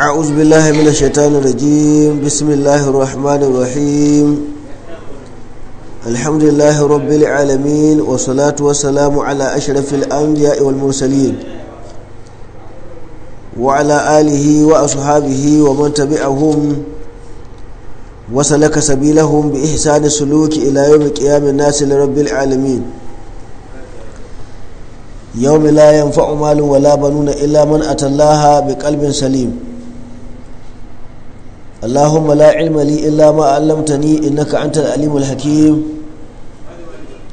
أعوذ بالله من الشيطان الرجيم بسم الله الرحمن الرحيم الحمد لله رب العالمين والصلاة والسلام على أشرف الأنبياء والمرسلين وعلى آله وأصحابه ومن تبعهم وسلك سبيلهم بإحسان السلوك إلى يوم القيامة الناس لرب العالمين يوم لا ينفع مال ولا بنون إلا من أتى الله بقلب سليم اللهم لا علم لي إلا ما علمتني إنك أنت العليم الحكيم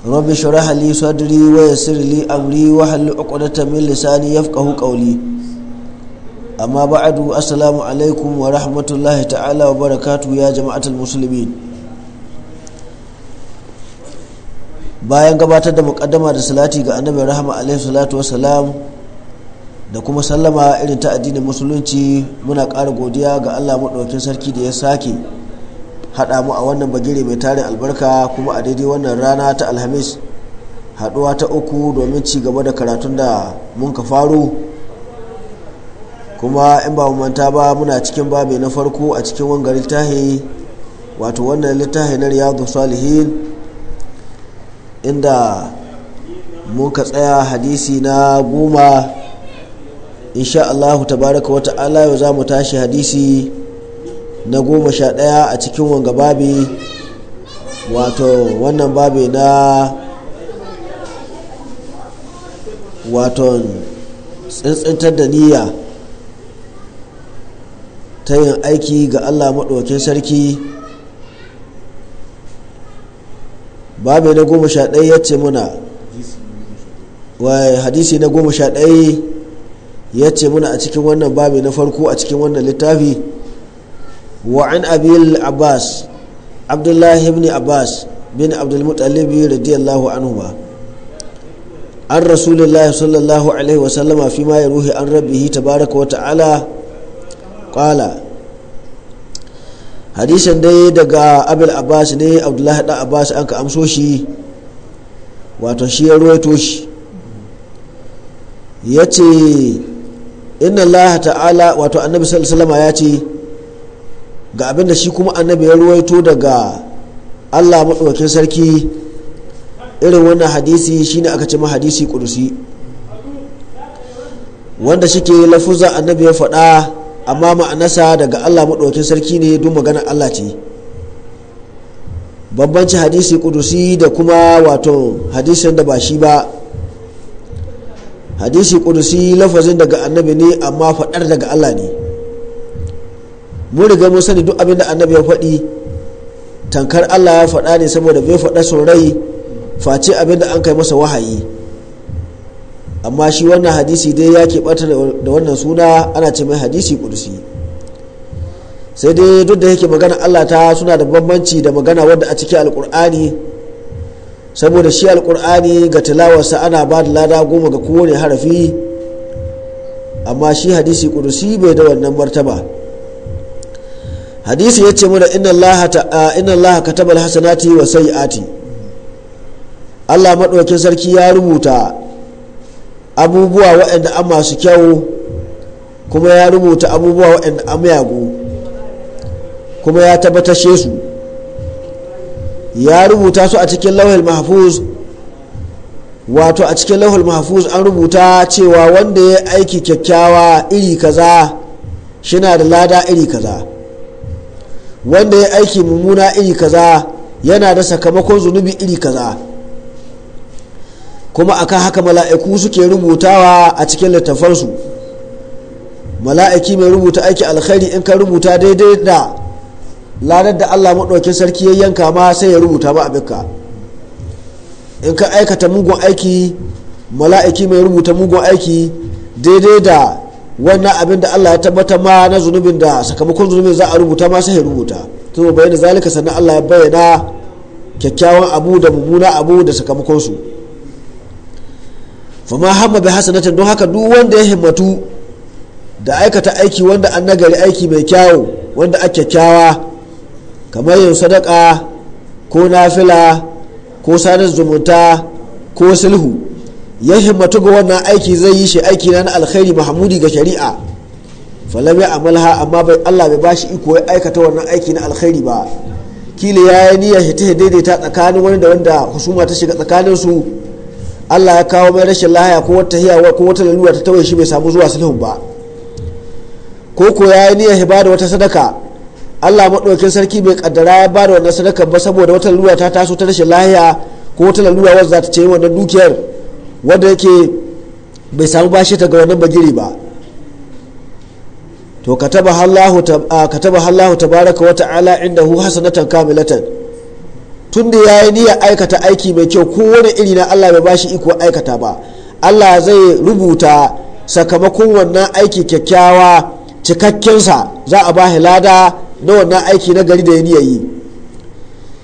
رب اشرح لي صدري ويسر لي أمري واحلل عقدة من لساني يفقه قولي أما بعد السلام عليكم ورحمة الله تعالى وبركاته يا جماعة المسلمين bayan gabatar da mukaddama da salati ga annabi rahama alaihi salatu wasalam da kuma sallama irin ta addinin musulunci muna ƙara godiya ga allah maɗaukin sarki da ya sake haɗa mu a wannan bagire mai tarin albarka kuma a daidai wannan rana ta alhamis haɗuwa ta uku domin ci gaba da karatun da mun ka faro kuma in ba mu manta ba muna cikin babi na farko a cikin wangar littafi wato wannan littafi na riyadu salihin inda muka tsaya hadisi na goma insha allahu tabaraka wa ta'ala yau za mu tashi hadisi na goma sha ɗaya a cikin wanga babi wato wannan babi na waton tsintsintar da niyya ta yin aiki ga allah maɗaukin sarki babu na goma sha ɗaya ya ce muna hadisi na goma sha ɗaya ya ce muna a cikin wannan babu na farko a cikin wannan littafi wa an abil abbas abdullahi ibn abbas bin abdulmutallib radiyallahu anhu ba an rasulullahi sallallahu alaihi wasallama fi ma ya ruhi an rabbihi tabaraka wa ta'ala qala hadisin dai daga abil abbas ne abdullahi da abbas an ka amso shi wato shi ya roto shi ya ce inna allaha ta'ala wato annabi sallallahu ya ce ga abin da shi kuma annabi ya ruwaito daga allah maɗaukakin sarki irin wannan hadisi shine aka ce ma hadisi kudusi wanda ke lafuza annabi ya faɗa amma ma'anarsa daga allah maɗaukin sarki ne don magana allah ce bambanci hadisi kudusi da kuma wato hadisin da ba shi ba hadisi kudusi lafazin daga annabi ne amma faɗar daga allah ne mun riga mun sani duk abin da annabi ya faɗi tankar allah ya faɗa ne saboda bai faɗa son face abin da an kai masa wahayi amma shi wannan hadisi dai ya ke bata da wannan suna ana ce mai hadisi kudusi sai dai duk da yake magana allah ta suna da bambanci da magana wadda a cikin alkur'ani saboda shi alkur'ani ga tilawarsa ana ba da lada goma ga kowane harafi amma shi hadisi kudusi bai da wannan martaba hadisi ya ce mana inna allaha katabal hasanati wa ati allah maɗaukin sarki ya rubuta abubuwa waɗanda an masu kyau kuma ya rubuta abubuwa waɗanda an yago kuma ya tabbatashe su ya rubuta su a cikin lauhul mahfuz wato a cikin lauhul mahfuz an rubuta cewa wanda ya aiki kyakkyawa iri kaza shina da lada iri kaza wanda ya aiki mummuna iri kaza yana da sakamakon zunubi iri kaza kuma akan haka mala'iku suke rubutawa a cikin littafansu mala'iki mai rubuta aiki alkhairi in ka rubuta daidai da ladar da allah maɗaukin sarki ya yanka ma sai ya rubuta ma abinka in ka aikata mugun aiki mala'iki mai rubuta mugun aiki daidai da wannan abin da allah ya tabbata ma na zunubin da sakamakon zunubin za a rubuta ma sai ya rubuta to bayyana zalika sannan allah ya bayyana kyakkyawan abu da mummuna abu da sakamakonsu fama hamma bi hasanatin don haka duk wanda ya himmatu da aikata aiki wanda an nagari aiki mai kyawu wanda ake kyawa kamar yin sadaka ko nafila ko sanar zumunta ko sulhu ya himmatu ga wannan aiki zai yi shi aiki na alkhairi mahmudi ga shari'a falam ya amalha amma bai Allah bai bashi iko ya aikata wannan aiki na alkhairi ba kila ya yi niyyar hita daidaita tsakanin wani da wanda husuma ta shiga tsakanin su Allah ya kawo mai rashin lahaya ko wata hiyawa ko wata lalura ta tawaye shi bai samu zuwa sulhun ba ko ko ya yi niyyar ba da wata sadaka Allah maɗaukin sarki bai kaddara ya ba da wannan sadaka ba saboda wata lalura ta taso ta rashin lahiya ko wata lalura wadda za ta ce wannan dukiyar wanda yake bai samu bashi ta ga wani bagiri ba to kataba Allahu tabaraka wa ta'ala indahu hasanatan kamilatan tunda ya yi niyyar aikata aiki mai kyau ko wani iri na allah bai bashi iko aikata ba allah zai rubuta sakamakon wannan aiki kyakkyawa cikakkensa za a ba lada na wannan aiki na gari da ya niyyar yi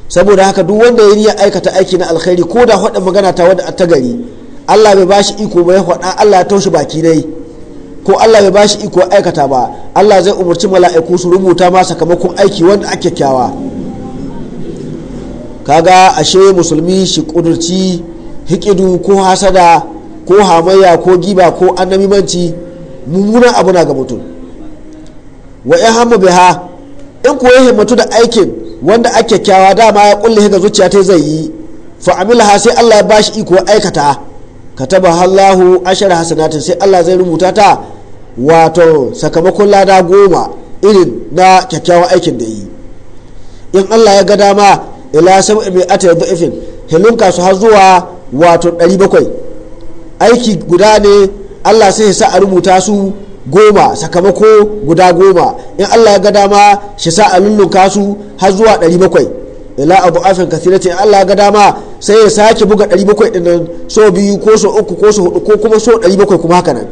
saboda haka duk wanda ya niyyar aikata aiki na alkhairi ko da faɗa magana ta wanda ta gari allah bai bashi iko bai faɗa allah ya taushi baki dai ko allah bai bashi iko aikata ba allah zai umarci mala'iku su rubuta ma sakamakon aiki wanda ake kyakkyawa kaga ashe musulmi shi kudurci hikidu ko hasada ko hamayya ko giba ko annabimanci mummunan abu na ga mutum wa ya hamu biha in ko ya himmatu da aikin wanda ake kyawa dama ya kulle ga zuciya ta zai yi fa amilaha sai Allah ya bashi iko aikata kataba Allahu ashara hasanatin sai Allah zai rubuta ta wato sakamakon lada goma irin na kyakkyawan aikin da yi in Allah ya ga dama ila sabu mai ata ifin hilinka kasu har zuwa wato 700 aiki guda ne Allah sai ya sa a rubuta su goma sakamako guda goma in Allah ya ga dama shi sa a lullunka su har zuwa 700 ila abu afin kasiratin Allah ya ga dama sai ya sake buga 700 din nan so biyu ko so uku ko so hudu ko kuma so 700 kuma haka nan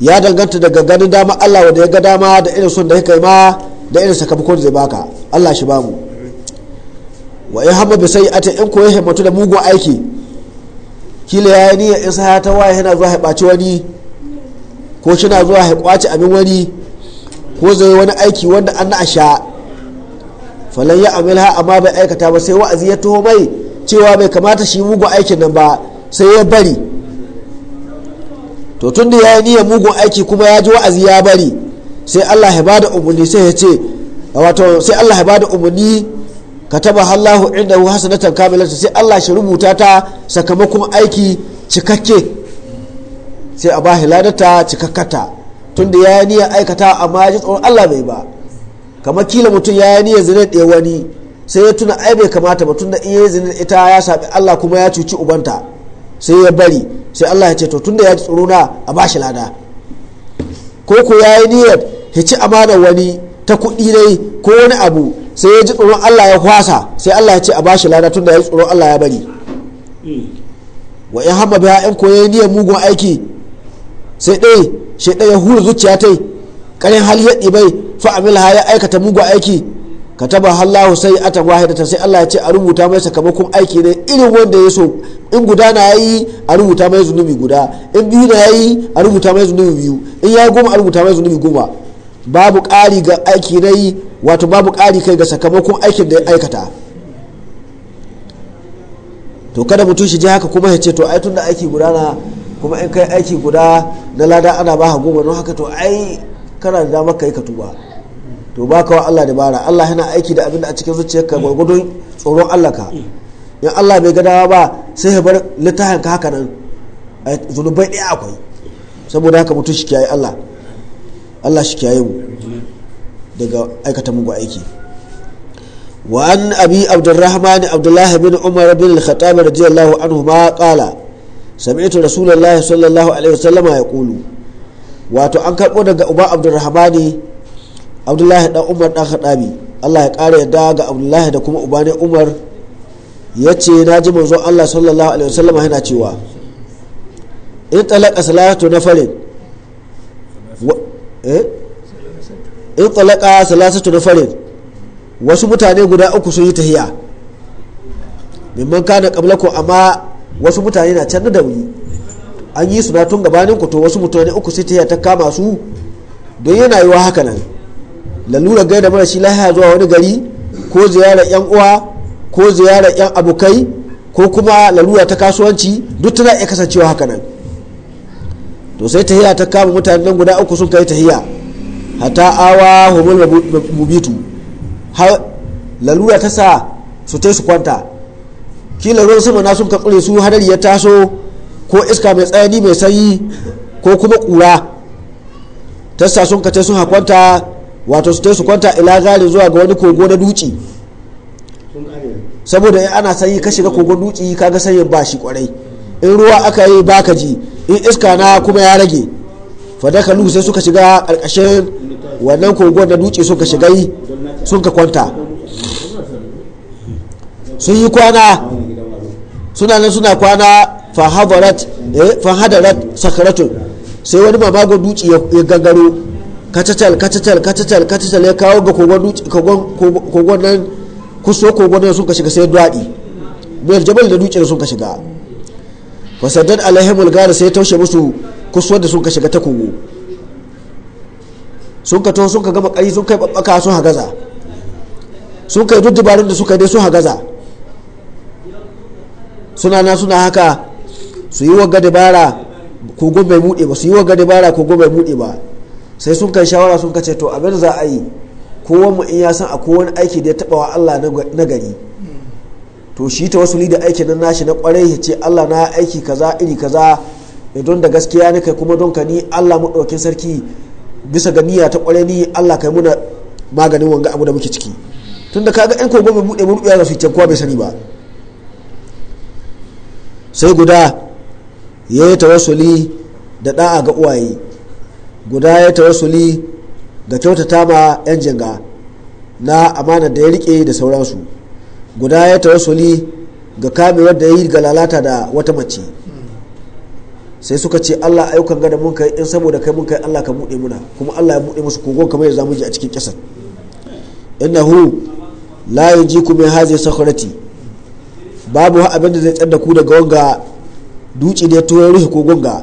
ya danganta daga ganin dama Allah wanda ya ga dama da irin son da ya kai ma da irin sakamakon zai baka Allah shi bamu wa ya hamba bisai ata in ko ya himmatu da mugun aiki kila ya ni in sa ta waye yana zuwa ya ɓaci wani ko na zuwa ya kwaci abin wani ko zai wani aiki wanda an na sha falan ya amilha amma bai aikata ba sai wa'azi ya taho mai cewa bai kamata shi mugun aikin nan ba sai ya bari to tun da ya yi niyyar mugun aiki kuma ya ji wa'azi ya bari sai allah ya bada umarni sai ya ce wato sai Allah ya bada umarni kataba Allahu hu hasanatan kamilatan sai Allah shi rubuta ta sakamakon aiki cikakke sai a bahi ladata cikakkata tunda ya niyya aikata amma ya ji tsoron Allah bai ba kamar kila mutum ya niyya zina ɗaya wani sai ya tuna ai bai kamata ba tunda in ya zinin ita ya saɓi Allah kuma ya cuci ubanta sai ya bari sai Allah ya ce to tunda ya ji tsoro na a bashi lada ko ko ya yi niyyar ya ci amanar wani ta kuɗi dai ko wani abu sai ya ji tsoron Allah ya kwasa sai Allah ya ce a bashi lada da ya yi tsoron Allah ya bari wa in hamma biya in koyi niyyar mugun aiki sai ɗaya shi ɗaya hura zuciya ta ƙarin hali ya ɗibai fa ha ya aikata mugun aiki kataba hallahu sai a ta wahidata sai Allah ya ce a rubuta mai sakamakon aiki ne irin wanda ya so in guda na ya yi a rubuta mai zunubi guda in biyu na ya yi a rubuta mai zunubi biyu in ya goma a rubuta mai zunubi goma babu ƙari ga aiki na yi wato babu ƙari kai ga sakamakon aikin da ya aikata to kada mutum shi ji haka kuma ya ce to ai da aiki guda na kuma in kai aiki guda na lada ana ba goma don haka to ai kana da damar kai ka tuba to ba kawai Allah dabara Allah yana aiki da abin da a cikin zuciyarka gwargwadon tsoron Allah ka in Allah bai gadawa ba sai ya bar littafin ka haka nan zunubai ɗaya akwai saboda haka mutum shi kiyaye Allah Allah shi kiyaye mu daga aikata mugu aiki wa an abi abdurrahman abdullahi bin umar bin al-khattab radiyallahu anhu ma قال سمعت rasulullahi sallallahu alaihi الله عليه وسلم wato an karbo daga uba abdurrahman abdullahi dan umar dan khattabi allah ya kare yadda ga abdullahi da kuma uba ne umar ya ce na ji manzo allah sallallahu alaihi wasallam yana cewa in talaka salatu na farin Eh? tsallaka itlaka salasatu farin wasu mutane guda uku sun yi tahiya mimman kana qablakum amma wasu mutane na can da wuri an yi suna tun gabanin ku to wasu mutane uku sun tahiya ta kama su don yana yiwa haka nan lalura gaida mara shi lahiya zuwa wani gari ko ziyarar yan uwa ko ziyarar yan abokai ko kuma lalura ta kasuwanci duk tana iya kasancewa haka nan to sai tahiya ta kama mutane mutanen guda uku sun kai tahiya hata awa humul mubitu har lalura ta sa su tai su kwanta kila ruwan sama na sun kakure su hadari ya taso ko iska mai tsayani mai sanyi ko kuma kura ta sa sun kace sun hakwanta wato su tai su kwanta ila gari zuwa ga wani kogo na duci saboda in ana sanyi ka shiga kogon duci kaga sanyin ba shi kwarai in ruwa aka yi baka ji in iska na kuma ya rage lu sai suka shiga ƙarƙashin wannan kogon da dutse suka shiga yi sun ka kwanta sun yi kwana suna nan suna kwana fahadarat eh, sakaratun sai wani mamagon dutse ya gangaro kacatal kacatal kacatal kacatal ya kawo ga kogon nan kusa kogon nan sun ka shiga sai daɗi mai jabal da dutse sun ka shiga fasaddad alaihimul gara sai taushe musu kusuwar da sun ka shiga ta kogo sun ka to sun ka gama kai sun kai babbaka sun hagaza sun yi duk dabarun da suka dai sun hagaza suna na suna haka su yi wagga dabara kogo bai bude ba su yi wagga dabara kogo bai bude ba sai sun kai shawara sun ka ce to abin za a yi kowa mu in ya san akwai wani aiki da ya taba wa Allah na gari to shi ta wasu da aikin na nashi na kwarai ya ce Allah na aiki kaza iri kaza eh, don da gaskiya ni kai kuma don ka ni Allah mu ɗauki sarki bisa ga niyya ta kwarai ni Allah kai muna maganin wanga abu da muke ciki tun da kaga yan kogon bude buɗe mu ruɓiya su kowa bai sani ba sai guda ya yi tawassuli da ɗa'a ga uwaye guda ya yi tawassuli da kyautata ma 'yan jinga na amana da ya rike da sauransu guda ya tawassuli ga kame wadda ya yi ga lalata da wata mace sai suka ce Allah ayyukan gada mun kai in saboda kai mun kai Allah ka buɗe muna kuma Allah ya buɗe musu kogon kamar ya zamu ji a cikin ƙasar innahu la yajiku min hazi sakhrati babu abin da zai tsar da ku daga wanga duci da ya toyo rufe kogon ga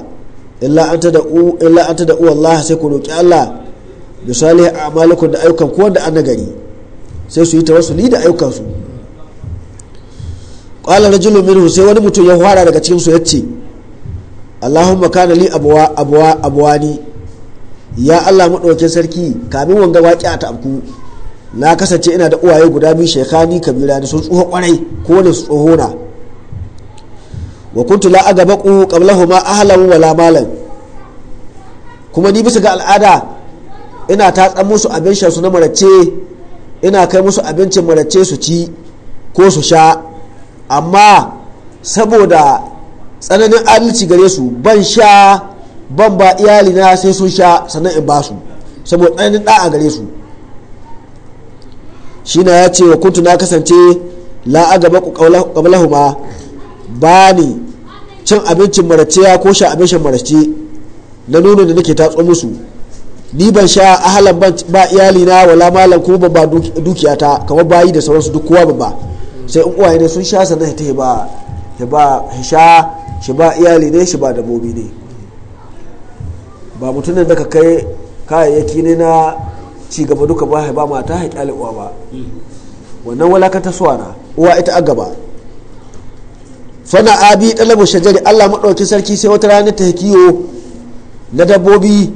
illa an ta illa Allah sai ku roki Allah bi salih a'malikum da ayyukan ku wanda an nagari sai su yi tawassuli da ayyukan su qala rajulun minhu sai wani mutum ya fara daga cikin su ce. Allahumma kana li abuwa ya Allah maɗauki sarki kamin wanga waki a tabku na kasance ina da uwaye guda biyu shekani kabira da sun tsoho kwarai ko da su tsoho na wa kuntu la agabaqu a ahlan wala malam. kuma ni bisa ga al'ada ina tatsan musu abin su na marace ina kai musu abincin marace su ci ko su sha amma saboda tsananin adalci gare su ban sha ban ba iyali na sai sun sha sannan in ba su saboda tsananin da'a gare su shi na ya ce wa kuntu na kasance la agaba ku qablahuma ba ni cin abincin ya ko sha abincin marace na nuna da nake tatso musu ni ban sha ahalan ba iyalina wala malam ko ba dukiyata kamar bayi da sauransu duk kowa ba sai in uwaye ne sun sha sannan ta ba shi ba iyali ne shi ba dabobi ne ba mutumin da ka kai kayayyaki ne na cigaba duka ba ba mata haƙi uwa ba wannan walakanta suwa na uwa ita a gaba fana abi ɗalabu shajari allah maɗauki sarki sai wata rana ta kiyo na dabbobi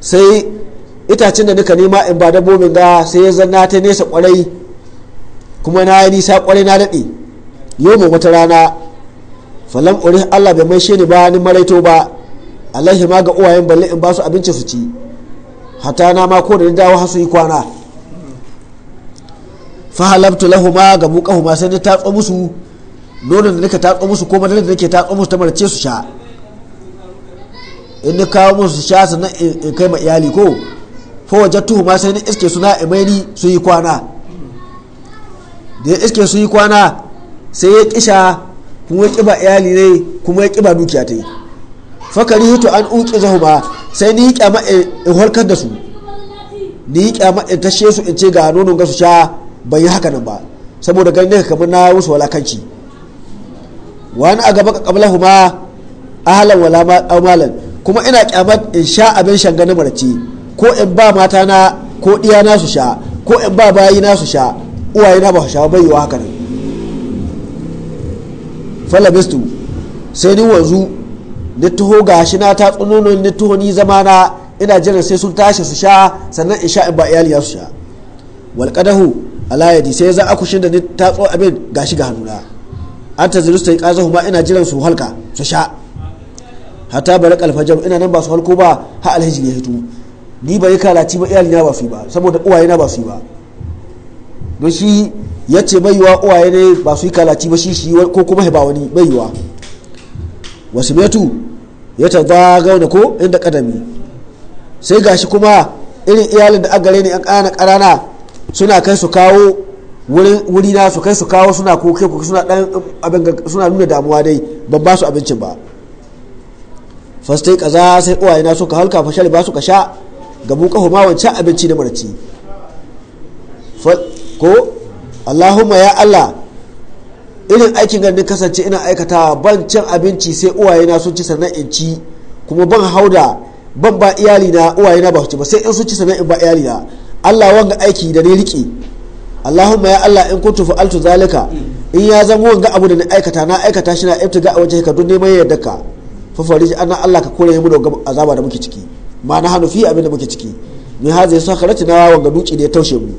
sai itacen da nika nema in ba dabbobin ga sai ya zanna ta nesa kwarai kuma na yi nisa kwarai na daɗe yau wata rana falan ori allah bai maishe ni ba ni maraito ba alaihi ma ga uwayen balle in ba su abinci su ci hata na ma ko da ni dawo hasu yi kwana fahalabtu ma ga buƙahuma sai na tatso musu nono da nake tatso musu ko madalar da nake tatso musu ta marce su sha in ni kawo musu sha sannan in kai ma iyali ko fa wajattuhuma sai na iske suna imaini su yi kwana da ya iske su yi kwana sai ya kisha kuma ya kiba iyali ne kuma ya kiba dukiya ta yi fakari hito an zahu ba sai ni yi kyama in horkar da su ni yi kyama in tashe su in ce ga nonon ga su sha ban yi haka nan ba saboda ganin kamar na wasu walakanci wani a gaba ka kabla huma ahalan wala malan kuma ina kyama in sha abin shanga na marace ko in ba mata na ko diya na su sha ko in ba bayi na su sha uwaye na ba shawo bai yiwa haka nan falabistu sai ni wanzu ni taho shi na ta tsunono ni taho ni zama na ina jiran sai sun tashi su sha sannan in sha in ba iyali su sha wal qadahu ala sai za akushin da ni tso abin gashi ga hannuna an ta ziru sai kazahu ma ina jiran su halka su sha hatta bari alfajar ina nan ba su halko ba ha alhaji ya hito ni bai kalaci ba iyali na ba su ba saboda uwaye na ba su ba don shi ya ce baiwa uwaye ne ba su yi kalaci ba shi shi ko kuma ba wani baiwa wasu metu ya ta zagauna ko inda kadami sai gashi kuma irin iyalin da agare ne yan kana karana suna kai su kawo wuri na su kai su kawo suna koke ko suna dan abin suna nuna damuwa dai ban ba su abincin ba fastai kaza sai uwaye na suka halka fashal ba su ka sha gabu kahu ma wancan abinci da marci ko allahumma ya allah irin aikin ganin kasance ina aikatawa ban cin abinci sai uwayena sun ci sannan in ci kuma ban hauda ban ba iyali na uwayena ba ci ba sai in sun ci sannan in ba iyali na allah wanga aiki da ne riƙe allahumma ya allah in kuntu altu zalika in ya zama wanga abu da na aikata na aikata shi na ibtiga a wajen ka don neman yadda ka fa fariji ana allah ka kore mu daga azaba da muke ciki ma na hannu fi abin da muke ciki min hazi sa na wanga duki da ya taushe mu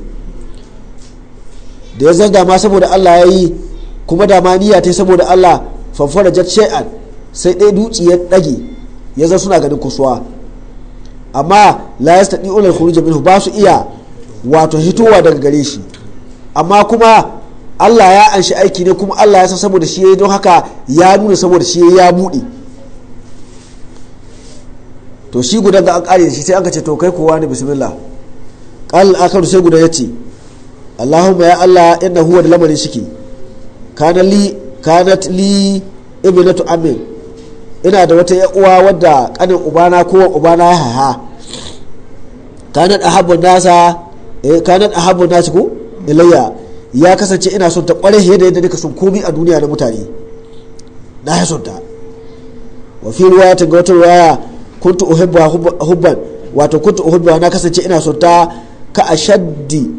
da ya zanga ma saboda Allah ya yi kuma da ma niyya ta saboda Allah fanfara jat shay'an sai ɗaya dutse ya ɗage ya zan suna ganin kusuwa amma la staɗi ulal khuruj minhu ba su iya wato hitowa daga gare shi amma kuma Allah ya anshi aiki ne kuma Allah ya san saboda shi yayi don haka ya nuna saboda shi ya buɗe to shi gudan ga an da shi sai an ka ce to kai kowa ne bismillah qal akaru sai guda ya ce. allahumma ya allah inna huwa da lamarin shiki kana li kanat li ibnatu amin ina da wata ya uwa wadda kanin ubana ko ubana ya haha kanat ahabbu nasa eh kanat ahabbu nasi ko ilayya ya kasance ina son ta kware yadda yadda nika son komi a duniya na mutane na ya son ta wa fi riwayatin ga wata riwaya kuntu uhibbu hubban wato kuntu uhibbu na kasance ina son ta ka ashaddi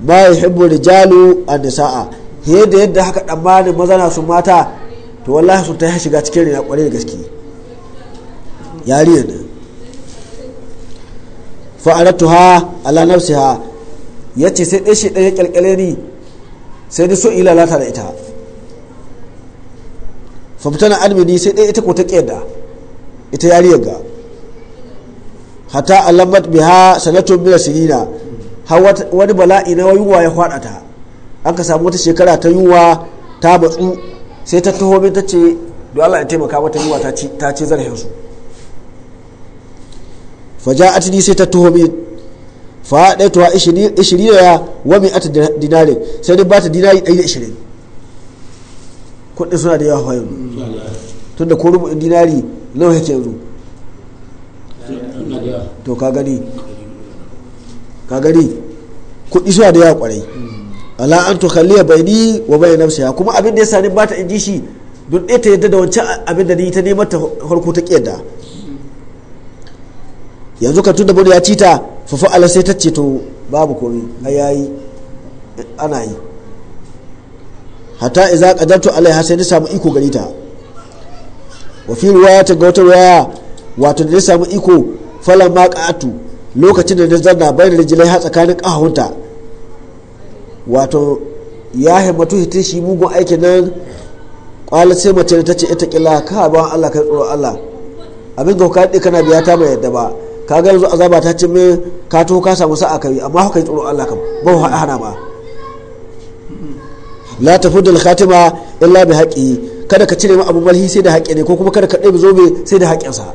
ba jalu a rijalu sa'a nisaa da yadda haka tsammanin maza na su mata to wallahi sun ta shiga cikin rina kwarai da gaske yariyar nan fa'aratuha ala ya ce sai dai shi ya kyalkyale ni sai da so ilalata da ita famtana almini sai dai ita ko ta kiyarda ita yariyar ga hatta alamat biha sanatun mila sinina har wani bala'i na yunwa ya hwada ta an ka samu wata shekara ta yunwa ta batsu sai ta taho ta ce don Allah ya taimaka mata yunwa ta ce zarafin su a tuni sai ta taho min tuwa ishiri da ya wa a ta dinari sai dai bata dinari ishirin kudin suna da yawa fa tun tunda ko rubu dinari nawa yake yanzu to ka gani ka gani kuɗi suna da yawa kwarai ala an to kalliya bayani wa bayan nafsiya kuma abin da ya sani ba ta in shi don ɗaya ta yadda da wancan abin da ni ta neman ta farko ta kiyarda yanzu ka tunda bude ya ci ta ala sai ta ce to babu kori a yayi ana yi hatta idza qadartu alaiha sai na samu iko gari ta wa fi riwaya ta ga wata wato da na samu iko falan ma lokacin da zanna bayan rijilai ha tsakanin ƙahunta wato ya himmatu hitin shi mugun aikin nan ƙwalar sai mace ta ce ita kila ka ba Allah kai tsoron Allah abin ga hukar kana biya ta mai yadda ba ka ga yanzu azaba ta ce me ka to ka samu sa'a kai amma haka tsoron Allah kam ba hu hana ba la tafudul khatima illa bi haqqi kada ka cire mu abu balhi sai da haƙƙi ne ko kuma kada ka ɗaya zobe sai da haƙƙinsa sa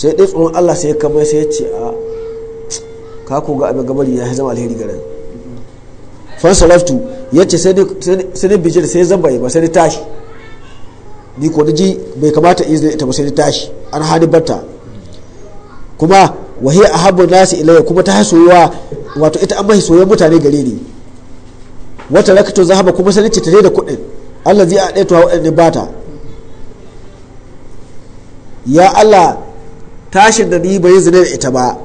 sai dai tsohon allah sai ka mai sai ya ce a kaku ga abin gabari ya zama alheri garin fansalaftu ya ce sai dai bijir sai zan bai ba sai dai tashi ni ko da ji bai kamata izini ita ba sai dai tashi an hadi bata kuma wahiya habar nasi ilayya kuma ta hasoyuwa wato ita an mahi soyayyen mutane gare ni wata rakato zahaba kuma sai ce tare da kuɗin Allah zai a ɗaya tuwa waɗanda bata ya Allah tashin da ni bai zina da ita ba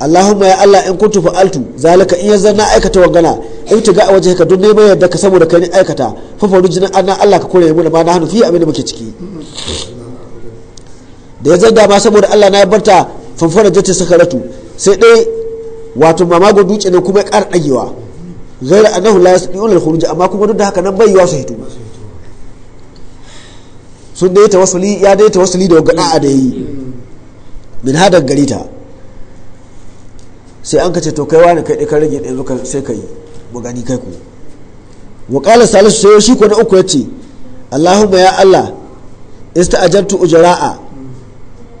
Allahumma ya Allah in kuntu fa'altu zalika in yanzu na aikata wangana in ta ga a waje ka don neman yadda ka saboda kai ni aikata fa faru jinin Allah ka kore mu da ba na hannu fi abin muke ciki da yanzu da ma saboda Allah na barta fanfara jata sakaratu sai dai wato mamago dutse ne kuma ya kara ɗagewa gaira annahu la yasdiquna al-khuruj amma kuma duk da haka nan bai yiwa su hito sun dai tawassuli ya dai tawassuli da wagana da yi min hadar gari ta sai an ka ce to kai wani kai ka rage ɗaya zuka sai ka yi gani kai ku wa salisu sai shi ko na uku ce. Allahumma ya Allah ista'ajantu ujra'a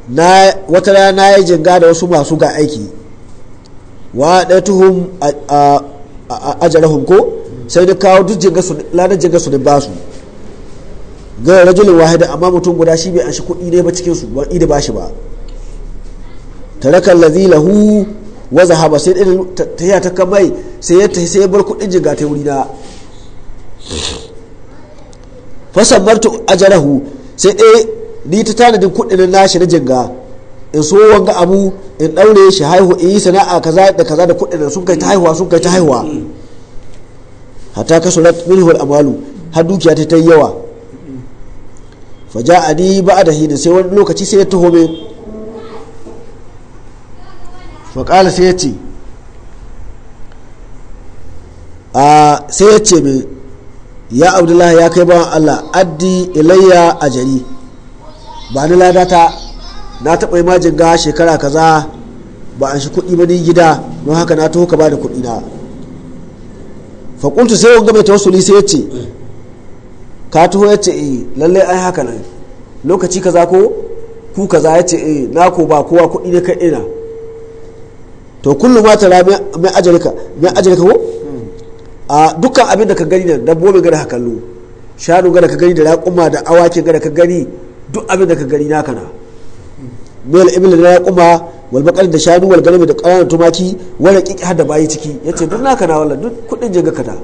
na wata rana na yi jinga da wasu masu ga aiki wa a ajarahun ko sai na kawo duk jinga su lanar jinga da ba su ga rajulun wahida amma mutum guda shi bai an shi kuɗi ne ba cikin su ba ba shi ba taraka allazi lahu wa zahaba sai din tahiya ta kabai sai ya sai ya bar kudin jiga ta wuri na fasan sabbartu ajarahu sai ɗaya ni ta tanadin kudin shi na jinga in so wanga abu in ɗaure shi haihu in yi sana'a kaza da kaza da kudin sun kai ta haihuwa sun kai ta haihuwa hatta minhu al-amalu har dukiya ta yi yawa fa a ni ba da hina sai wani lokaci sai ya taho mai faƙala sai ya ce a sai ya ce min ya abdullahi ya kai bawan allah addi ilayya a jari ba ni ladata na taɓa yi majin ga shekara kaza ba an shi kuɗi ba ni gida don haka na taho ka ba da kuɗi na faƙuntu sai wanga mai tawassuli sai ya ce ka taho ya ce eh lallai ai haka nan lokaci kaza ko ku kaza ya ce eh na ko ba kowa kuɗi ne ka ina to kullum ma tara mai ajalika mai ajalika ko a dukkan abin da ka gani nan dabbobin gada ka kallo shanu gada ka gani da raƙuma da awakin gada ka gani duk abin da ka gani na kana mil ibil da raƙuma wal da shanu wal galmi da ƙananan tumaki wani ƙiƙi har da bayi ciki yace duk naka na wala duk kudin jinga ka ta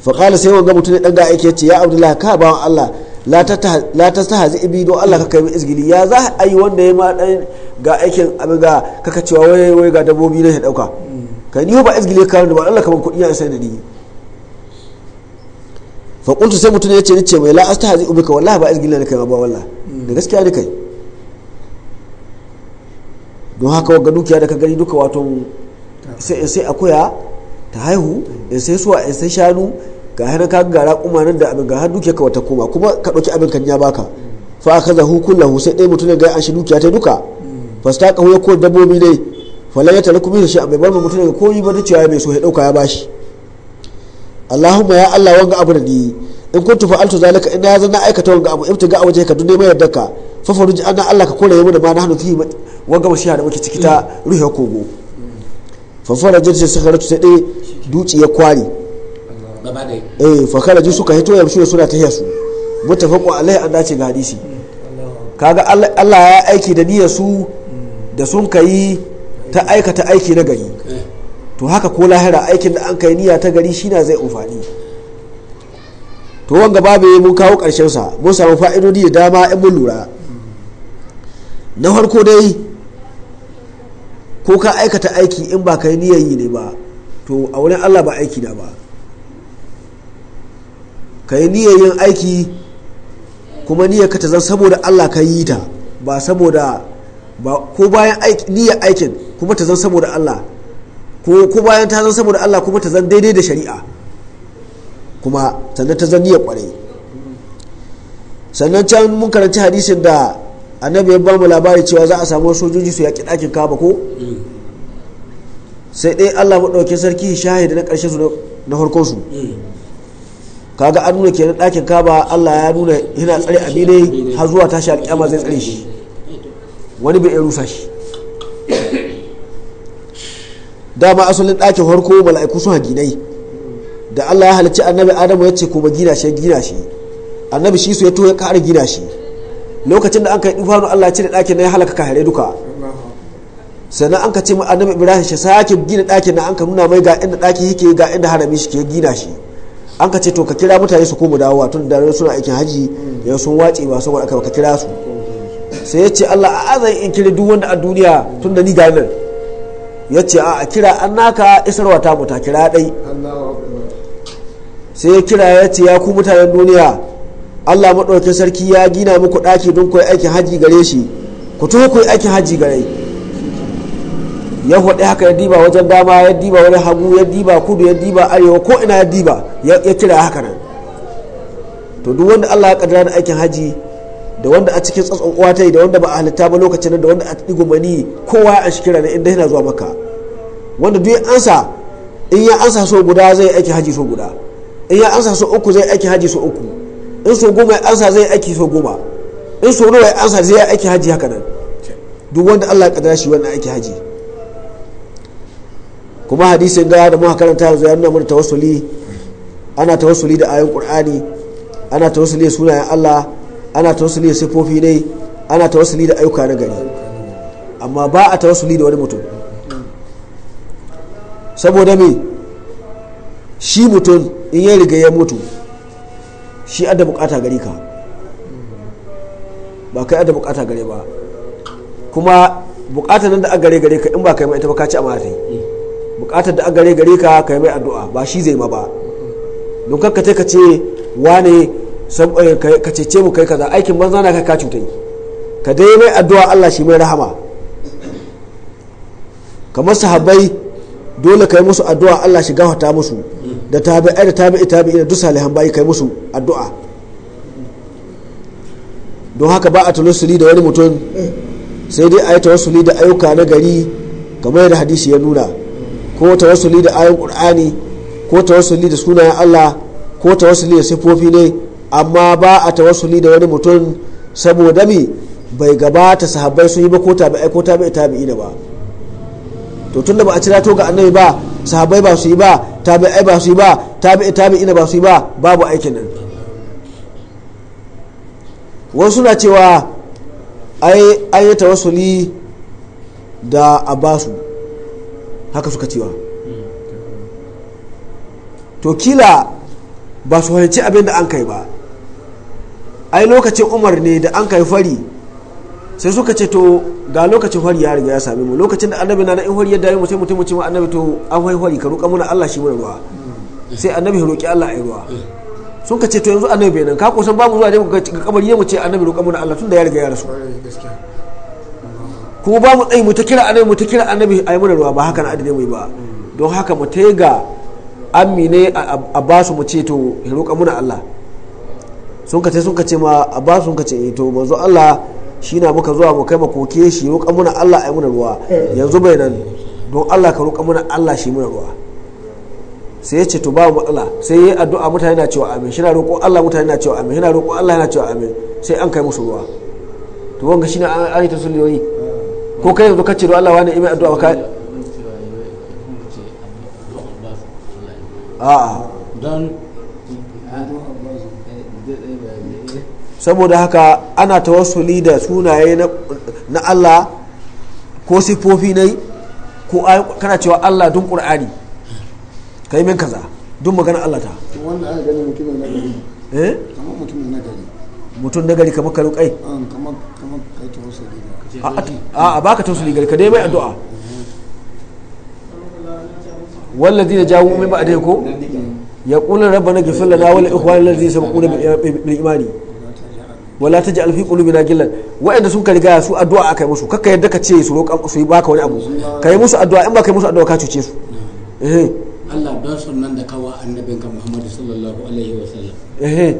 fa sai wanga mutune dan aiki ya ce ya abdullahi ka bawan Allah la ta hazi ibi don Allah ka kai izgili ya za a yi wanda ya ma dan ga aikin abu ga kaka cewa wai wai ga dabbobi na ya dauka kai ni ba izgili ka ba Allah ka ban kuɗi ya sai da ni fa qultu sai ya ce ni ce mai la ubi ubika wallahi ba izgili ne kai ba wallahi da gaskiya ne kai don haka ga dukiya da ka gani duka wato sai sai akuya ta haihu sai suwa sai shanu ga hana ka ga raƙuma nan da abin ga har duke ka wata koma kuma ka ɗauki abin kan ya baka fa aka zahu hukullahu sai ɗaya mutum ga an shi dukiya ta duka fa ta ka ko dabbobi dai fa la yata lakum shi abai bar mutum ga yi ba dukiya ya mai so ya ɗauka ya bashi Allahumma ya Allah wanga abu da ni in kuntu fa'altu zalika ina ya zanna aikata wanga abu ibtiga a waje ka dunne mai yadda ka fa faruji anna Allah ka kore mu da ma hannu fi wanga mashiya da muke ciki ta ruhe kogo fa farajat sai sakharatu sai dai duci ya kwari eh fa suka hito yamshi suna tahiya su mutafaqu alaihi an dace ga hadisi kaga Allah ya aiki da niyyar su da sun kai ta aikata aiki na gari to haka ko lahira aikin da an kai niyya ta gari shi na zai amfani to wanga babu mun kawo karshen sa mun samu fa'idodi da dama in mun lura na farko dai ko ka aikata aiki in ba kai niyyar yi ne ba to a wurin Allah ba aiki na ba ka yi niyyar yin aiki kuma niyyar ka ta zan saboda Allah ka yi ta ba saboda ba ko bayan niyyar aikin kuma ta zan saboda Allah ko ko bayan ta zan saboda Allah kuma ta zan daidai da shari'a kuma sannan ta zan niyyar kwarai sannan can mun karanci hadisin da annabi ya bamu labari cewa za a samu sojoji su yaƙi ɗakin kaba ko mm. sai dai Allah maɗauki sarki shahidi na ƙarshe su na harkar su mm. kaga an nuna kenan ɗakin kaba Allah ya nuna yana tsare abinai har zuwa tashi alƙiyama zai tsare shi wani bai rusa shi dama asalin ɗakin harko mala'iku sun hadinai da Allah ya halicci annabi Adamu ya ce ko ba gina shi gina shi annabi shi su ya ya ƙara gina shi lokacin da an kai dufanu Allah ya cire ɗakin na ya halaka kahare duka sannan an ka ce annabi Ibrahim shi sake gina ɗakin na an ka nuna mai ga inda ɗaki yake ga inda harami shi ke gina shi an ka ce to ka kira mutane su koma dawowa tun da suna aikin haji da mm. sun wace ba saboda aka ka kira su sai ya ce Allah a azan in kira duk wanda a duniya tun da ni ga nan ya ce a kira an naka isarwa ta muta kira dai sai ya kira ya ce ya ku mutanen duniya Allah maɗaukin sarki ya gina muku ɗaki don ku aikin haji gare shi ku tuhu ku aikin haji gare ya faɗi haka ya diba wajen dama ya diba wani hagu ya diba kudu ya diba arewa ko ina ya diba ya kira haka nan to duk wanda Allah ya kaddara na aikin haji da wanda a cikin tsatson uwa ta yi da wanda ba a halitta ba lokacin da wanda a digo mani kowa ya shi kira ne inda yana zuwa maka wanda duk ansa in ya ansa so guda zai aiki haji so guda in ya ansa so uku zai aiki haji so uku in so goma ya ansa zai aiki so goma in so nawa ya ansa zai aiki haji haka nan duk wanda Allah ya kaddara shi wannan aiki haji kuma hadisin gaya da muka karanta yanzu ya nuna mana tawassuli ana tawassuli da ayoyin qur'ani ana tawassuli da sunayen Allah ana tawassuli da sifofi ne ana tawassuli da ayyuka na gari amma ba a tawassuli da wani mutum saboda me shi mutum in ya riga ya mutu shi adda bukata gari ka ba kai adda bukata gare ba kuma bukatar nan da a gare gare ka in ba kai ma ita ba ka ci amana ta yi bukatar da an gare ka ka yi mai addu'a ba shi zai ma ba don ka ce kace wane eh, ka cece mu kai kaza aikin banza na ka cutai ka dai mai addu'a Allah shi mai rahama kamar sahabbai dole kai musu addu'a Allah shi gafarta musu da tabi'ai da tabi'i tabi'i da duk salihan bayi kai musu addu'a don haka ba a tawassuli da wani mutum sai dai a yi tawassuli da ayyuka na gari kamar yadda hadisi ya nuna ko tawassuli da ayin qur'ani ko tawassuli da sunayen Allah ko tawassuli da sifofi ne amma ba a tawassuli da wani mutum saboda mi bai gabata sahabbai sun yi ba ko tabi'ai ko tabi'i tabi'ina ba to tunda ba a cira to ga annabi ba sahabbai ba su yi ba tabi'ai ba su yi ba tabi'i tabi'ina ba su yi ba babu aikin nan wasu na cewa ai an yi tawassuli da abasu haka suka cewa hmm, to kila ba su fahimci abin da an kai ba ai lokacin umar ne da an kai fari sai suka ce to ga lokacin fari ya riga ya same mu lokacin da annabi na in fari ya dare mu sai mutum ce annabi to an fari fari ka roƙa muna Allah shi mai ruwa hmm. sai annabi roƙi Allah ai ruwa hmm. sun ka ce to yanzu annabi bai nan ka kusan babu zuwa ne ga kabari ne mu ce annabi roƙa muna Allah tun da ya riga ya rasu ko ba mu tsayi mu ta kira annabi mu ta kira annabi a yi mana ruwa ba haka na addini mu ba don haka mu ta yi ga amine a ba su mu ce to ya roƙa muna Allah sun ka ce sun ka ce ma a ba sun ka ce eh, to manzo Allah shi na muka zuwa mu kai makoke shi roƙa muna Allah a yi muna ruwa yanzu bai nan don Allah ka roƙa muna Allah shi muna ruwa sai ya ce to ba mu matsala sai ya yi addu'a mutane na cewa amin shi na roƙo Allah mutane na cewa amin shi na roƙo Allah yana cewa amin sai an kai musu ruwa to wanga shi na an yi ta suliyoyi ko kai yanzu ka ce Allah wani imai addu'a ka a'a don saboda haka ana tawassuli da sunaye na Allah ko sifofi ne ko kana cewa Allah dun Qur'ani kai min kaza dun magana Allah ta wanda aka gani mutum na gari eh kamar mutum na gari mutum na gari kamar kalukai kamar a baka tausuli gari ka dai mai addu'a wallazi da jawo min ba'da ko ya qulu rabbana ighfir lana wa li ikhwanina allazina sabaquna bil imani wala taj'al fi qulubina ghillan wa'anda sun riga su addu'a akai musu kakka yadda ka ce su roƙa su yi baka wani abu kai musu addu'a in ba kai musu addu'a ka cuce su eh Allah don sunan da kawa annabinka Muhammadu sallallahu alaihi wa sallam eh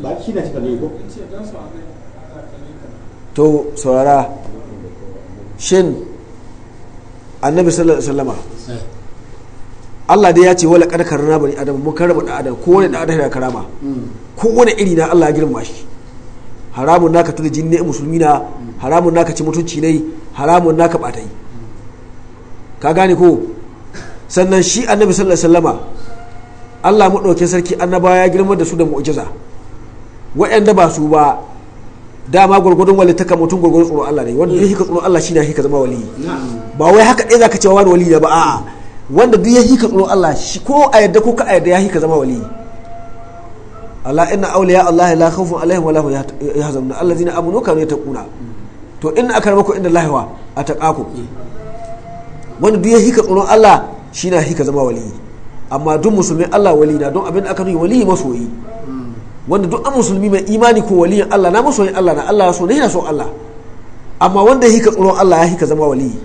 ba shi na cikin ko to saurara shin annabi sallallahu alaihi wasallama Allah dai ya ce wala kad karna bani adam mun karama da adam ko wani da adam ya karama ko wani iri na Allah ya girma shi haramun naka tada jinni musulmi na haramun naka ci mutunci ne haramun naka batai ka gane ko sannan shi annabi sallallahu alaihi wasallama Allah dauke sarki annaba ya girma da su da mu'jiza wa'anda ba su ba dama gwargwadon wali ta mutum gwargwadon tsoron Allah ne wanda hika tsoron Allah shine hika zama wali ba wai haka ɗaya zaka cewa wani wali ba a'a wanda duk hika tsoron Allah shi ko a yadda ko ka a yadda ya hika zama wali Allah inna awliya Allah la khawfun alaihim wa la hum yahzanun allazina amanu kanu yattaquna to inna akramakum inda Allah wa ataqakum wanda duk hika tsoron Allah shine hika zama wali amma duk musulmi Allah wali na don abin da aka nuna wali masoyi wanda duk an musulmi mai imani ko waliyin Allah na masoyin Allah na Allah ya so ne yana so Allah amma wanda ya hika tsoron Allah ya hika zama waliyi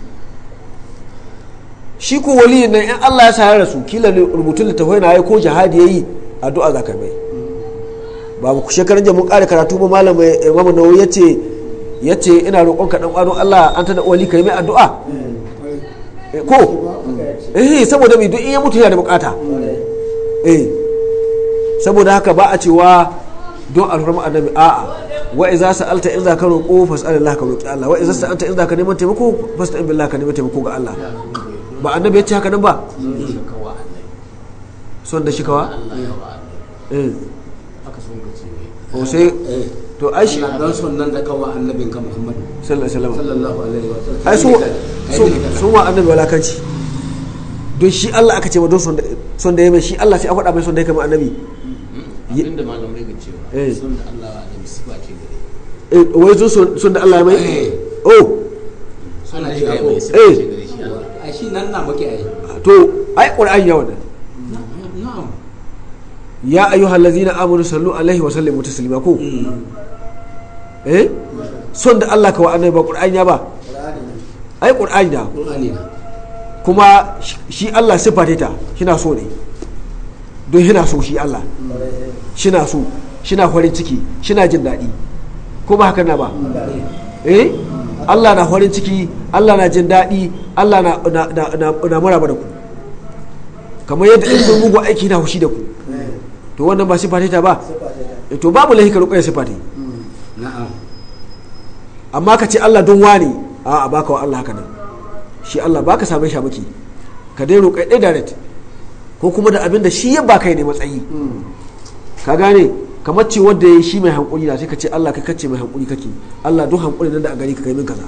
shi ko waliyin nan in Allah ya sa da su kila rubutun littafai na ko jihadi yayi addu'a zaka mai babu ku shekaran jamu kare karatu ba malam eh, Imam Nawawi yace yace ina roƙon ka dan ƙwaro Allah an ta wali kai mai addu'a eh, ko eh saboda mai duk in ya mutu yana da bukata eh saboda haka ba a cewa don alfarma annabi a'a wa iza sa'alta in zaka roƙo fas'alillah ka roƙi Allah wa iza sa'alta in zaka neman taimako fasta'in billah ka neman taimako ga Allah ba annabi ya ce haka nan ba son da shikawa eh sai to ai shi dan son nan da kawa annabin ka Muhammad sallallahu alaihi wa sallam ai so so ma annabi walakanci don shi Allah aka ce ma don son da ya mai shi Allah sai a faɗa mai son da ya kama annabi abinda malamai ga cewa eh. sun da Allah da su ba ke gare eh wai sun sun da Allah mai eh. oh sun da Allah mai su ba ke gare shi a shi nan na muke ai ah, to ai qur'ani ya wannan na'am ya ayyuhal ladzina amanu sallu alaihi wa sallimu taslima ko mm. eh son da Allah ka wa annabi ba qur'ani ya ba ai qur'ani da kuma shi Allah sifate ta shi na so ne don na so shi Allah shi na so shi na farin ciki shi na jin daɗi ko ba haka na ba eh Allah na farin ciki Allah na jin daɗi Allah na na maraba da ku kamar yadda in sun mugu aiki na hushi da ku to wannan ba sifa ta ba eh, to babu lahi ka ruƙa sifa amma ka ce Allah don wani a'a baka wa Allah haka nan shi Allah baka same shi maki ka dai roƙa ɗaya direct ko kuma da abin da shi ya ba kai ne matsayi ka gane kamar ce wanda ya shi mai hankuli na sai ka ce Allah ka kace mai hankuli kake Allah duk hankuli nan da a gari ka kai min kaza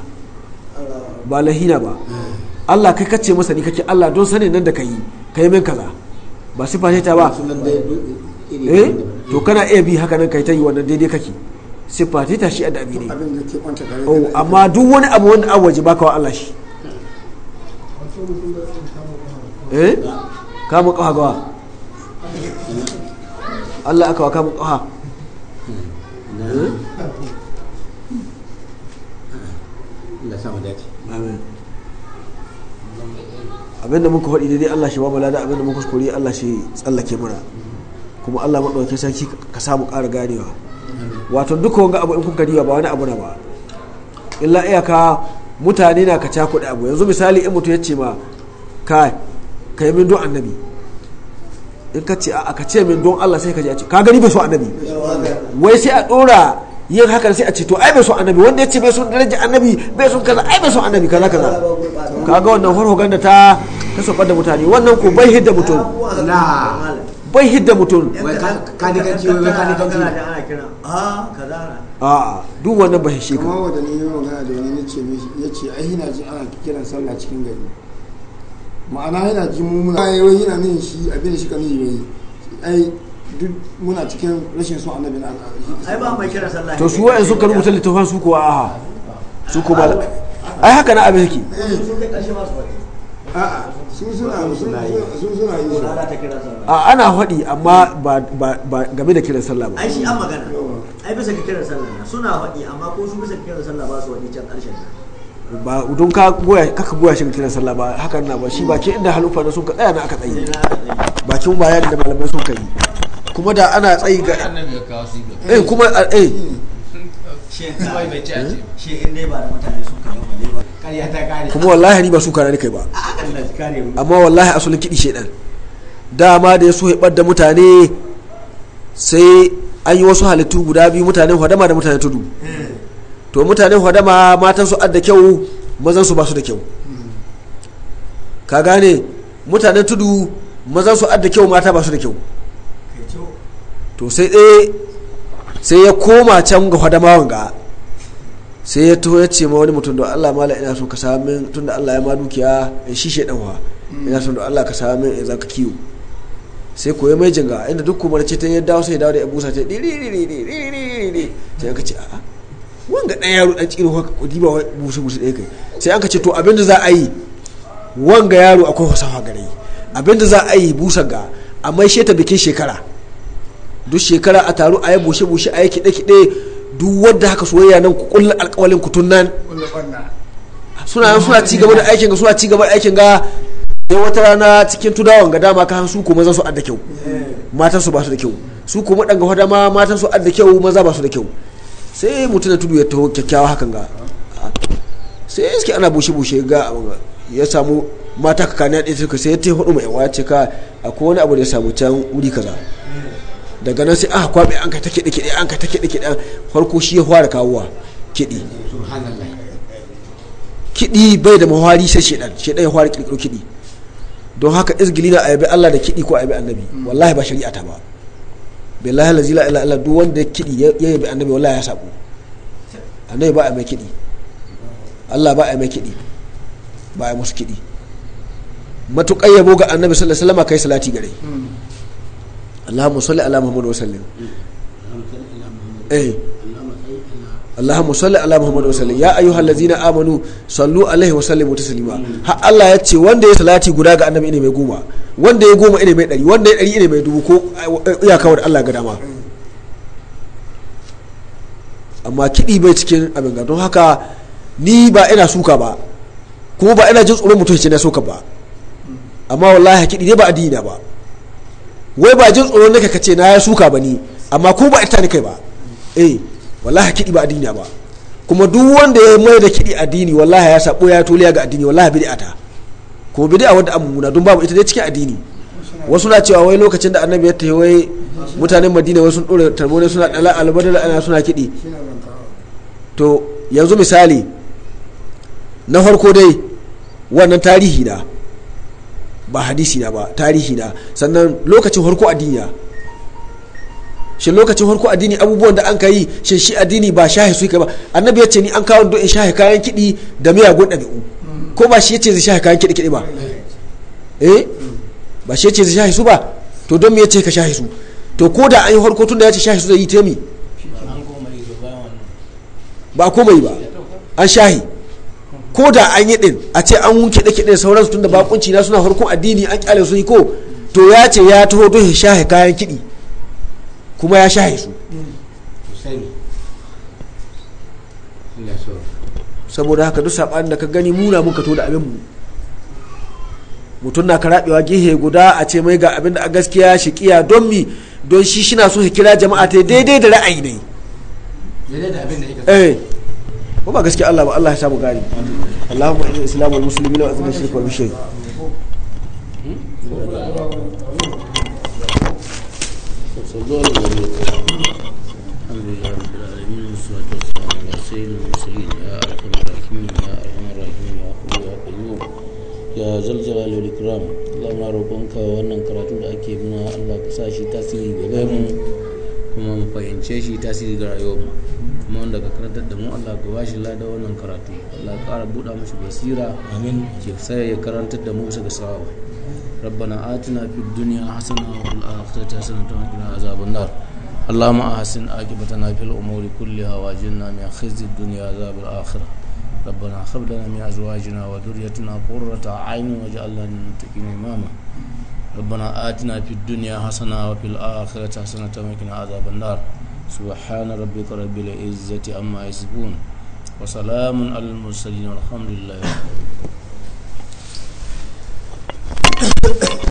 ba lahina ba Allah ka kace masa ni kake Allah don sanin nan da kai kai min kaza ba sifa ta ba eh to kana iya bi haka nan kai ta yi wannan daidai kake sifa ta shi adabi ne oh amma duk wani abu wanda an waje baka wa Allah shi eh kamun kawa gawa Allah aka wa kamun kawa abinda muka faɗi daidai Allah shi ba da abinda muka kuskure Allah shi tsallake mura kuma Allah maɗauki sarki ka samu ƙara ganewa wato duka wanga abu in kuka riwa ba wani abu na ba illa iyaka mutane na ka cakuɗa abu yanzu misali in mutum ya ce ma kai ka yi min don annabi in ka ce a ka ce min don Allah sai ka ji a ce ka gani bai so annabi wai sai a dora yin hakan sai a ce to ai bai so annabi wanda ya ce bai so daraja annabi bai so kaza ai bai so annabi kaza kaza kaga wannan farko da ta ta sobar da mutane wannan ko bai hidda mutum bai hidda mutum ka ne kanci wai ka ne kanci a a duk wannan bai shi ka kuma wadannan yi gana da wani ne ce ai hina ji ana kiran sallah cikin gari ma'ana yana ji mu muna ai yana nan shi abin da shi kan yi ai duk muna cikin rashin son annabi na ai ba mai kira sallah to su wa'in suka rubuta littafin su ko a'a su ko bala ai haka na abin yake eh, a'a sun suna suna yi a ana haɗi amma ba game da kiran sallah ba ai shi an magana ai bisa ga kiran sallah suna haɗi amma ko su bisa kiran sallah ba su haɗi can ƙarshen ba don ka goya kaka goya shi kiran sallah ba hakan na ba shi bakin inda halufa na sun ka tsaya na aka tsaye bakin bayan da malamai sun kai kuma da ana tsayi ga eh kuma eh kuma wallahi ni ba su kana ni kai ba amma wallahi asulin kiɗi shedan dama da ya so hibar da mutane sai an yi wasu halittu guda biyu mutane hadama da mutane tudu to mutanen hadama matansu adda kyau mazansu ba su da kyau ka gane mutanen tudu mazansu adda kyau mata ba da kyau to sai ɗaya sai ya koma can ga hadamawan ga sai ya to ya ce ma wani mutum da Allah mala ina son ka sami tun da Allah ya ma dukiya in shishe shedan wa ina son da Allah ka sami in zaka kiwo sai koyi mai jinga inda duk kuma ce ta yi dawo sai ya dawo da abusa ce diri diri diri diri sai ce a'a wanga ɗan yaro ɗan tsiro haka kudi ba busu busu ɗaya kai sai an ka ce to abinda za a yi wanga yaro akwai fasaha gare abinda za a yi busa ga a mai sheta bikin shekara duk shekara a taru a yi bushe bushe a yi kiɗe kiɗe duk wadda haka soyayya nan ku kulla alƙawalin ku tun nan suna suna cigaba da aikin ga suna cigaba da aikin ga sai wata rana cikin tudawan ga dama kan su kuma zan su adda kyau eh. matan su ba su da kyau su kuma ɗan ga dama matan su adda kyau maza ba su da kyau sai mutum na tudu ya taho kyakkyawa hakan ga sai ya iske ana bushe-bushe ga ya samu mata ka kani ɗaya suka sai ya ta hudu mai yawa ce ka ko wani abu da ya samu can wuri kaza daga nan sai aka kwaɓe an ka ta kiɗi kiɗi an ka ta kiɗi kiɗi farko shi ya fara kawowa kiɗi kiɗi bai da mahwari sai shedan shedan ya fara kirkiro kiɗi don haka izgili na ayabi Allah da kiɗi ko ayabi annabi wallahi ba shari'a ta ba billahi la zila ila duk wanda ya kidi ya yabi annabi wallahi ya sabu annabi ba a mai kidi Allah ba a mai kidi ba a musu kiɗi matuƙar yabo ga annabi sallallahu alaihi wasallam kai salati gare Allahumma salli ala Muhammad wa sallim eh Allahumma salli ala Muhammad wa sallim ya ayyuhal ladzina amanu sallu alaihi wa sallimu taslima har Allah ya ce wanda ya salati guda ga annabi ne mai goma wanda ya goma ina mai ɗari wanda ya ɗari ina mai dubu ko eh, iyaka wadda Allah ga dama amma kiɗi bai cikin abin ga don haka ni ba ina suka ba kuma ba ina jin tsoron mutum ce na suka ba amma wallahi kiɗi ne ba addini ba wai ba jin tsoron ka kace na ya suka ba ni amma ko ba ita ni kai ba eh wallahi kiɗi ba addini ba kuma duk wanda ya mai da kiɗi addini wallahi ya sabo ya toliya ga addini wallahi bid'ata ta ko a wadda an mummuna don babu ita dai cikin addini wasu na cewa wai lokacin da annabi ya tafi wai mutanen madina wai sun dora tarbo suna dala albadala ana suna kiɗi to yanzu misali na farko dai wannan tarihi na ba hadisi na ba tarihi na sannan lokacin farko addini shin lokacin farko addini abubuwan da an ka yi shin shi addini ba shahi su ba annabi ya ce ni an kawo don in shahi kayan kiɗi da miyagun ɗabi'u ko ba shi yace zai shahi kayan kiɗe-kiɗe ba eh ba shi yace zai shahi su ba to don me yace ka shahi su to ko da an yi harko tun da yace shahi su zai yi ta mi ba komai ba an shahi ko da an yi din a ce an wunke da kiɗe su tun da bakunci na suna harkon addini an kyale su yi ko to ya ce ya taho don shahi kayan kiɗi kuma ya shahi su saboda haka duk saɓanin da ka gani muna muka to da abin mu mutum na karaɓewa gehe guda a ce mai ga abin da a gaskiya shi kiya don mi don shi shi na so shi kira jama'a ta daidai da ra'ayi ne eh. ko ba gaskiya Allah ba Allah ya samu gari Allahumma inna islam wa azna shirk wal mushrik sallallahu hmm? alaihi ya zaljala ikram Allah muna roƙonka wannan karatu da ake muna Allah ka sa shi tasiri gare mu kuma mu fahimce shi tasiri ga rayuwar kuma wanda ka karantar da mu Allah ka bashi lada wannan karatu Allah ka ƙara buɗa mashi basira amin ke sai ya karantar da mu bisa ga sawa ربنا آتنا في الدنيا حسنة وفي الآخرة حسنة وقنا عذاب النار اللهم أحسن عاقبتنا في الأمور كلها واجلنا من خزي الدنيا عذاب الآخرة ربنا هب لنا من أزواجنا وذريتنا قرة أعين واجعلنا للمتقين إماما ربنا آتنا في الدنيا حسنة وفي الآخرة حسنة وقنا عذاب النار سبحان ربك رب العزة عما يصفون وسلام على المرسلين والحمد لله